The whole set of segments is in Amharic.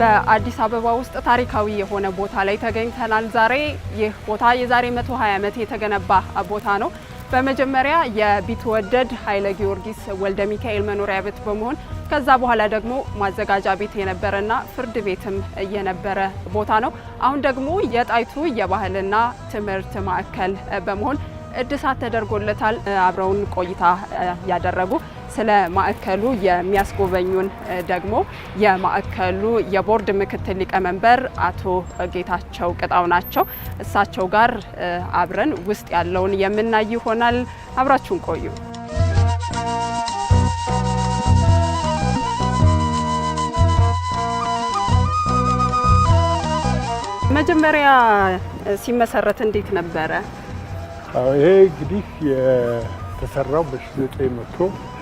በአዲስ አበባ ውስጥ ታሪካዊ የሆነ ቦታ ላይ ተገኝተናል። ዛሬ ይህ ቦታ የዛሬ 120 ዓመት የተገነባ ቦታ ነው። በመጀመሪያ የቢትወደድ ኃይለ ጊዮርጊስ ወልደ ሚካኤል መኖሪያ ቤት በመሆን ከዛ በኋላ ደግሞ ማዘጋጃ ቤት የነበረና ፍርድ ቤትም የነበረ ቦታ ነው። አሁን ደግሞ የጣይቱ የባህልና ትምህርት ማዕከል በመሆን እድሳት ተደርጎለታል። አብረውን ቆይታ ያደረጉ ስለ ማዕከሉ የሚያስጎበኙን ደግሞ የማዕከሉ የቦርድ ምክትል ሊቀመንበር አቶ ጌታቸው ቅጣው ናቸው። እሳቸው ጋር አብረን ውስጥ ያለውን የምናይ ይሆናል። አብራችሁን ቆዩ። መጀመሪያ ሲመሰረት እንዴት ነበረ? ይሄ እንግዲህ የተሰራው በ1900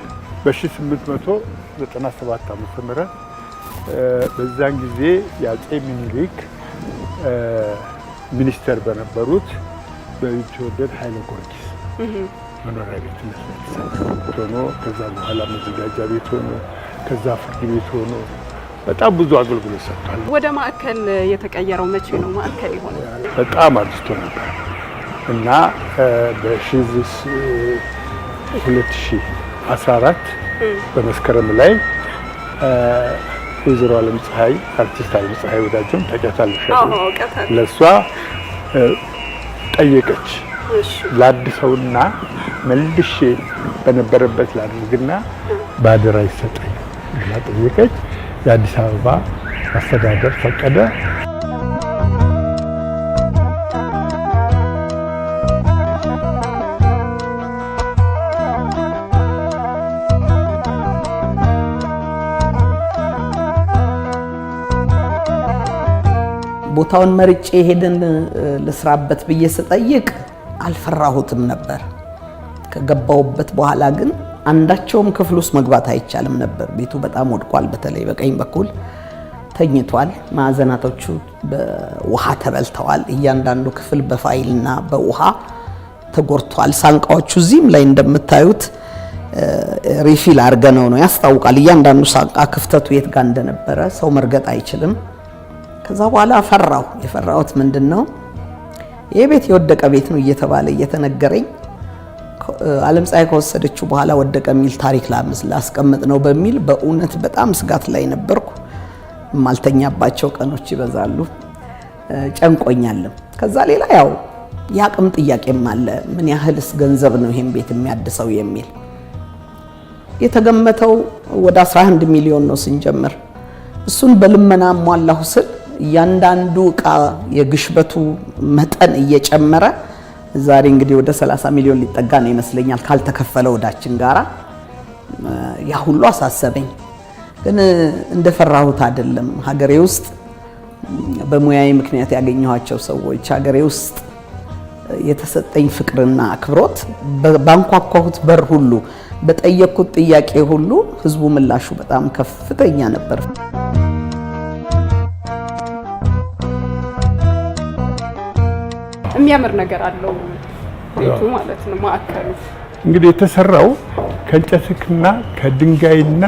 በ1897 ዓ ም በዛን ጊዜ የአፄ ሚኒሊክ ሚኒስተር በነበሩት በቢትወደድ ኃይለ ጊዮርጊስ መኖሪያ ቤት ሆኖ ከዛ በኋላ መዘጋጃ ቤት ሆኖ ከዛ ፍርድ ቤት ሆኖ በጣም ብዙ አገልግሎት ሰጥቷል። ወደ ማዕከል የተቀየረው መቼ ነው? ማዕከል የሆነ በጣም ነበር እና ሁለት ሺህ 14 በመስከረም ላይ ወይዘሮ አለም ፀሐይ አርቲስት ዓለም ፀሐይ ወዳጆም ታውቂያታለሽ። ለእሷ ጠየቀች ላድሰውና መልሼ በነበረበት ላድርግና በአደራ ይሰጠኝ ብላ ጠየቀች። የአዲስ አበባ አስተዳደር ፈቀደ። ቦታውን መርጬ ሄደን ልስራበት ብዬ ስጠይቅ አልፈራሁትም ነበር። ከገባሁበት በኋላ ግን አንዳቸውም ክፍል ውስጥ መግባት አይቻልም ነበር። ቤቱ በጣም ወድቋል። በተለይ በቀኝ በኩል ተኝቷል። ማዕዘናቶቹ በውሃ ተበልተዋል። እያንዳንዱ ክፍል በፋይልና በውሃ ተጎርቷል። ሳንቃዎቹ እዚህም ላይ እንደምታዩት ሪፊል አድርገነው ነው ያስታውቃል። እያንዳንዱ ሳንቃ ክፍተቱ የት ጋር እንደነበረ ሰው መርገጥ አይችልም። ከዛ በኋላ ፈራሁ። የፈራሁት ምንድን ነው? ይህ ቤት የወደቀ ቤት ነው እየተባለ እየተነገረኝ ዓለም ፀሐይ ከወሰደችው በኋላ ወደቀ የሚል ታሪክ ላምስ ላስቀምጥ ነው በሚል በእውነት በጣም ስጋት ላይ ነበርኩ። የማልተኛባቸው ቀኖች ይበዛሉ። ጨንቆኛለም። ከዛ ሌላ ያው የአቅም ጥያቄም አለ። ምን ያህልስ ገንዘብ ነው ይሄን ቤት የሚያድሰው የሚል የተገመተው ወደ 11 ሚሊዮን ነው ስንጀምር። እሱን በልመና ሟላሁ ስል እያንዳንዱ እቃ የግሽበቱ መጠን እየጨመረ ዛሬ እንግዲህ ወደ 30 ሚሊዮን ሊጠጋ ነው ይመስለኛል ካልተከፈለ ወዳችን ጋራ። ያ ሁሉ አሳሰበኝ፣ ግን እንደፈራሁት አይደለም። ሀገሬ ውስጥ በሙያዬ ምክንያት ያገኘኋቸው ሰዎች፣ ሀገሬ ውስጥ የተሰጠኝ ፍቅርና አክብሮት፣ ባንኳኳሁት በር ሁሉ፣ በጠየቅኩት ጥያቄ ሁሉ ህዝቡ ምላሹ በጣም ከፍተኛ ነበር። የሚያምር ነገር አለው ቤቱ ማለት ነው። ማዕከሉ እንግዲህ የተሰራው ከእንጨትና ከድንጋይና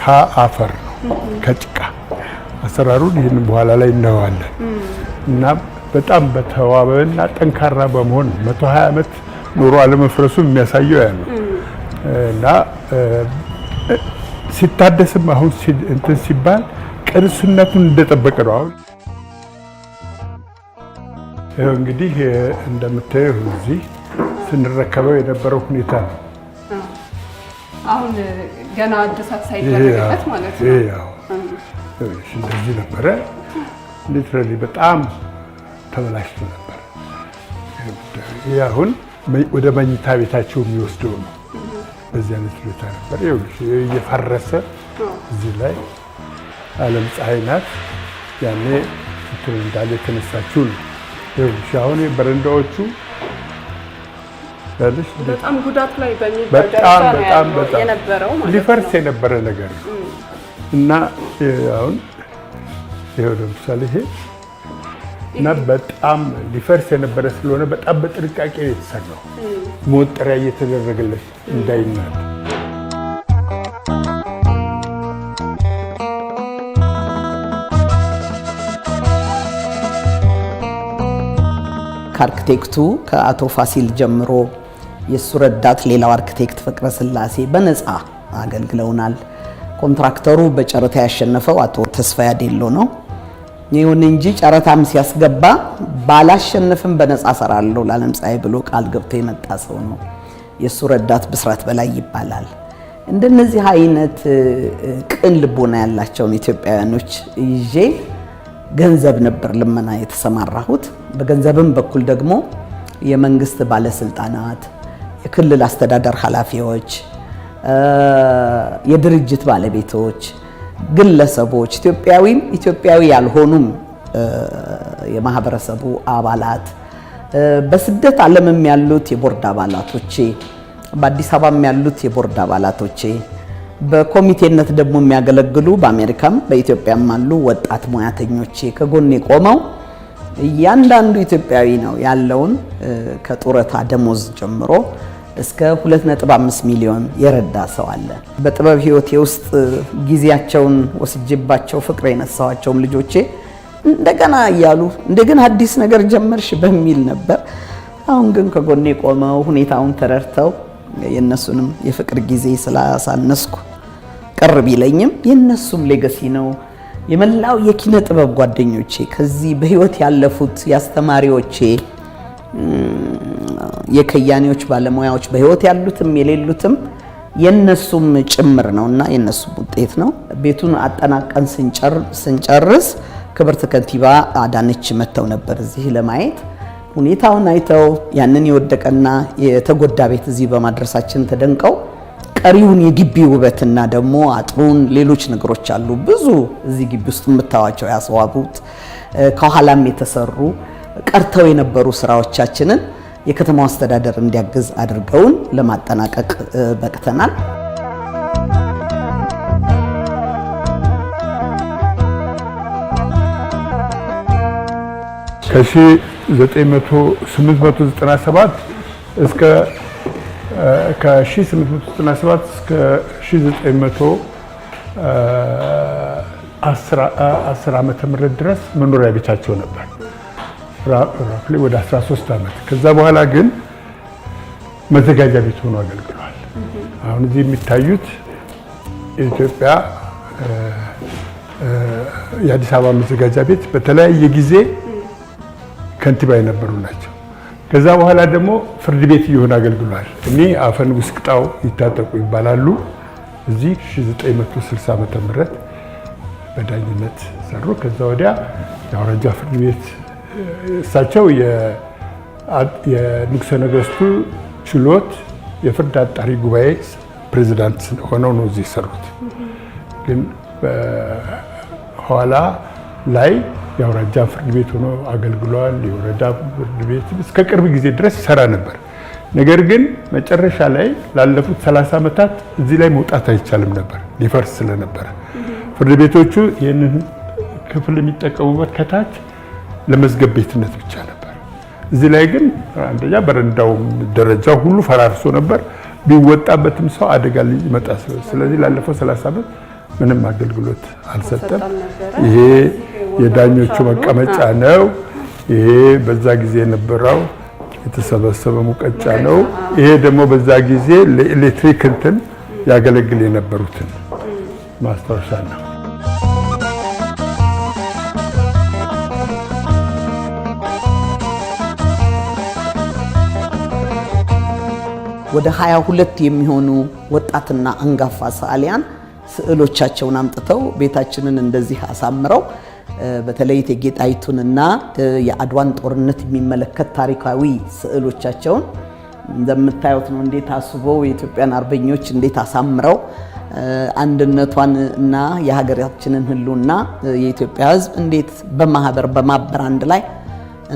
ከአፈር ነው፣ ከጭቃ አሰራሩን ይህን በኋላ ላይ እናየዋለን። እና በጣም በተዋበና ጠንካራ በመሆን 120 ዓመት ኑሮ አለመፍረሱ የሚያሳየው ያለው እና ሲታደስም አሁን እንትን ሲባል ቅርስነቱን እንደጠበቀ ነው አሁን ይኸው እንግዲህ እንደምታየው እዚህ ስንረከበው የነበረው ሁኔታ ነው። አሁን ገና አድሳት ሳይደረግበት ማለት ነው። እንደዚህ ነበረ። ሊትራሊ በጣም ተበላሽቶ ነበር። ይህ አሁን ወደ መኝታ ቤታቸው የሚወስደው ነው። በዚህ አይነት ሁኔታ ነበር። እየፈረሰ እዚህ ላይ አለም ፀሐይ ናት ያኔ እንትን የተነሳችው ነው። አሁን በረንዳዎቹ በጣም ጉዳት ላይ ሊፈርስ የነበረ ነገር ነው እና አሁን ይኸው ለምሳሌ ይሄ እና በጣም ሊፈርስ የነበረ ስለሆነ በጣም በጥንቃቄ የተሰራው እየተደረገለት እንዳይናል ከአርክቴክቱ ከአቶ ፋሲል ጀምሮ የእሱ ረዳት ሌላው አርክቴክት ፍቅረ ስላሴ በነፃ አገልግለውናል። ኮንትራክተሩ በጨረታ ያሸነፈው አቶ ተስፋ ያዴሎ ነው። ይሁን እንጂ ጨረታም ሲያስገባ ባላሸንፍም በነፃ ሰራለሁ ለዓለም ፀሐይ ብሎ ቃል ገብቶ የመጣ ሰው ነው። የእሱ ረዳት ብስራት በላይ ይባላል። እንደነዚህ አይነት ቅን ልቦና ያላቸውን ኢትዮጵያውያኖች ይዤ ገንዘብ ነበር ልመና የተሰማራሁት። በገንዘብም በኩል ደግሞ የመንግስት ባለስልጣናት፣ የክልል አስተዳደር ኃላፊዎች፣ የድርጅት ባለቤቶች፣ ግለሰቦች፣ ኢትዮጵያዊም ኢትዮጵያዊ ያልሆኑም የማህበረሰቡ አባላት፣ በስደት ዓለምም ያሉት የቦርድ አባላቶቼ፣ በአዲስ አበባም ያሉት የቦርድ አባላቶቼ በኮሚቴነት ደግሞ የሚያገለግሉ በአሜሪካም በኢትዮጵያም አሉ ወጣት ሙያተኞቼ ከጎን ቆመው እያንዳንዱ ኢትዮጵያዊ ነው ያለውን ከጡረታ ደሞዝ ጀምሮ እስከ 2.5 ሚሊዮን የረዳ ሰው አለ። በጥበብ ህይወቴ ውስጥ ጊዜያቸውን ወስጅባቸው ፍቅር የነሳኋቸውም ልጆቼ እንደገና እያሉ እንደገና አዲስ ነገር ጀመርሽ በሚል ነበር። አሁን ግን ከጎኔ ቆመው ሁኔታውን ተረድተው የእነሱንም የፍቅር ጊዜ ስላሳነስኩ ቅር ቢለኝም የእነሱም ሌገሲ ነው። የመላው የኪነ ጥበብ ጓደኞቼ ከዚህ በህይወት ያለፉት የአስተማሪዎቼ፣ የከያኔዎች ባለሙያዎች በህይወት ያሉትም የሌሉትም የነሱም ጭምር ነው እና የነሱም ውጤት ነው። ቤቱን አጠናቀን ስንጨርስ ክብርት ከንቲባ አዳነች መጥተው ነበር እዚህ ለማየት። ሁኔታውን አይተው ያንን የወደቀና የተጎዳ ቤት እዚህ በማድረሳችን ተደንቀው ቀሪውን የግቢ ውበትና ደግሞ አጥሩን፣ ሌሎች ነገሮች አሉ ብዙ እዚህ ግቢ ውስጥ የምታዋቸው ያስዋቡት ከኋላም የተሰሩ ቀርተው የነበሩ ስራዎቻችንን የከተማው አስተዳደር እንዲያግዝ አድርገውን ለማጠናቀቅ በቅተናል። ከ1997 እስከ ከ1897 እስከ 1910 ዓመተ ምህረት ድረስ መኖሪያ ቤታቸው ነበር፣ ወደ 13 ዓመት። ከዛ በኋላ ግን መዘጋጃ ቤት ሆኖ አገልግሏል። አሁን እዚህ የሚታዩት የኢትዮጵያ የአዲስ አበባ መዘጋጃ ቤት በተለያየ ጊዜ ከንቲባ የነበሩ ናቸው። ከዛ በኋላ ደግሞ ፍርድ ቤት እየሆነ አገልግሏል። እኔ አፈ ንጉስ ቅጣው ይታጠቁ ይባላሉ። እዚህ 1960 ዓ ም በዳኝነት ሰሩ። ከዛ ወዲያ የአውራጃ ፍርድ ቤት እሳቸው የንጉሰ ነገስቱ ችሎት የፍርድ አጣሪ ጉባኤ ፕሬዚዳንት ሆነው ነው እዚህ የሰሩት። ግን በኋላ ላይ የአውራጃ ፍርድ ቤት ሆኖ አገልግሏል። የወረዳ ፍርድ ቤት እስከ ቅርብ ጊዜ ድረስ ይሰራ ነበር። ነገር ግን መጨረሻ ላይ ላለፉት 30 ዓመታት እዚህ ላይ መውጣት አይቻልም ነበር፣ ሊፈርስ ስለነበረ ፍርድ ቤቶቹ ይህንን ክፍል የሚጠቀሙበት ከታች ለመዝገብ ቤትነት ብቻ ነበር። እዚህ ላይ ግን አንደኛ በረንዳው ደረጃ ሁሉ ፈራርሶ ነበር። ቢወጣበትም ሰው አደጋ ሊመጣ ስለዚህ ላለፈው 30 ዓመት ምንም አገልግሎት አልሰጠም። ይሄ የዳኞቹ መቀመጫ ነው። ይሄ በዛ ጊዜ የነበረው የተሰበሰበ ሙቀጫ ነው። ይሄ ደግሞ በዛ ጊዜ ለኤሌክትሪክ እንትን ያገለግል የነበሩትን ማስታወሻ ነው። ወደ 22 የሚሆኑ ወጣትና አንጋፋ ሰዓሊያን ስዕሎቻቸውን አምጥተው ቤታችንን እንደዚህ አሳምረው በተለይ እቴጌ ጣይቱንና የአድዋን ጦርነት የሚመለከት ታሪካዊ ስዕሎቻቸውን እንደምታዩት ነው። እንዴት አስበው የኢትዮጵያን አርበኞች እንዴት አሳምረው አንድነቷን እና የሀገራችንን ሕልውና የኢትዮጵያ ሕዝብ እንዴት በማህበር በማበር አንድ ላይ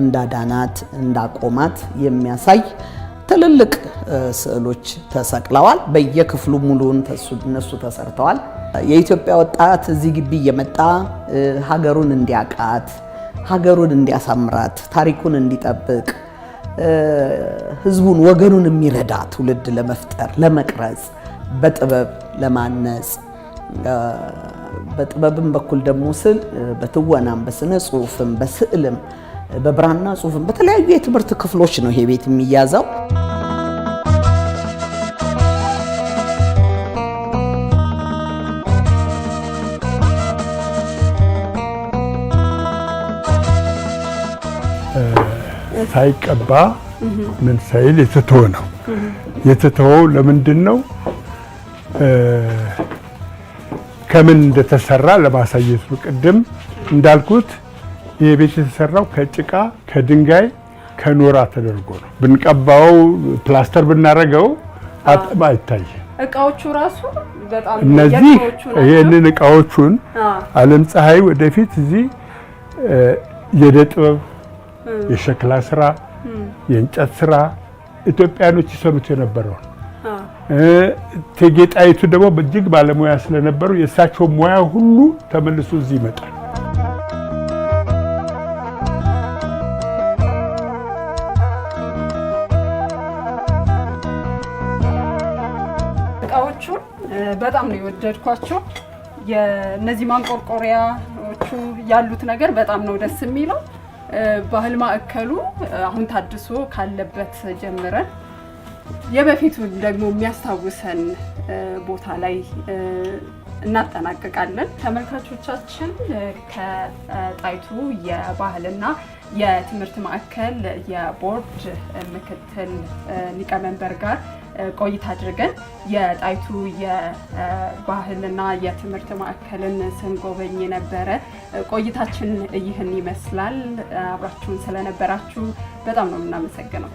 እንዳዳናት እንዳቆማት የሚያሳይ ትልልቅ ስዕሎች ተሰቅለዋል። በየክፍሉ ሙሉውን እነሱ ተሰርተዋል። የኢትዮጵያ ወጣት እዚህ ግቢ እየመጣ ሀገሩን እንዲያቃት፣ ሀገሩን እንዲያሳምራት፣ ታሪኩን እንዲጠብቅ፣ ህዝቡን ወገኑን የሚረዳ ትውልድ ለመፍጠር ለመቅረጽ፣ በጥበብ ለማነጽ በጥበብም በኩል ደግሞ ስል በትወናም በስነ ጽሁፍም በስዕልም በብራና ጽሁፍም በተለያዩ የትምህርት ክፍሎች ነው ይሄ ቤት የሚያዘው። ሳይቀባ ምን ሳይል የተተወ ነው። የተተወው ለምንድን ነው? ከምን እንደተሰራ ለማሳየት ነው። ቅድም እንዳልኩት ይሄ ቤት የተሰራው ከጭቃ ከድንጋይ ከኖራ ተደርጎ ነው። ብንቀባው ፕላስተር ብናረገው አጥም አይታይ። እቃዎቹ ራሱ በጣም እነዚህ ይህንን እቃዎቹን አለም ፀሐይ ወደፊት እዚህ የእደ ጥበብ የሸክላ ስራ፣ የእንጨት ስራ ኢትዮጵያኖች ይሰሩት የነበረው እቴጌ ጣይቱ ደግሞ በእጅግ ባለሙያ ስለነበሩ የእሳቸው ሙያ ሁሉ ተመልሶ እዚህ ይመጣል። እቃዎቹ በጣም ነው የወደድኳቸው። የእነዚህ ማንቆርቆሪያዎቹ ያሉት ነገር በጣም ነው ደስ የሚለው። ባህል ማዕከሉ አሁን ታድሶ ካለበት ጀምረን የበፊቱን ደግሞ የሚያስታውሰን ቦታ ላይ እናጠናቅቃለን። ተመልካቾቻችን ከጣይቱ የባህልና የትምህርት ማዕከል የቦርድ ምክትል ሊቀመንበር ጋር ቆይታ አድርገን የጣይቱ የባህልና የትምህርት ማዕከልን ስንጎበኝ የነበረ ቆይታችን ይህን ይመስላል። አብራችሁን ስለነበራችሁ በጣም ነው የምናመሰግነው።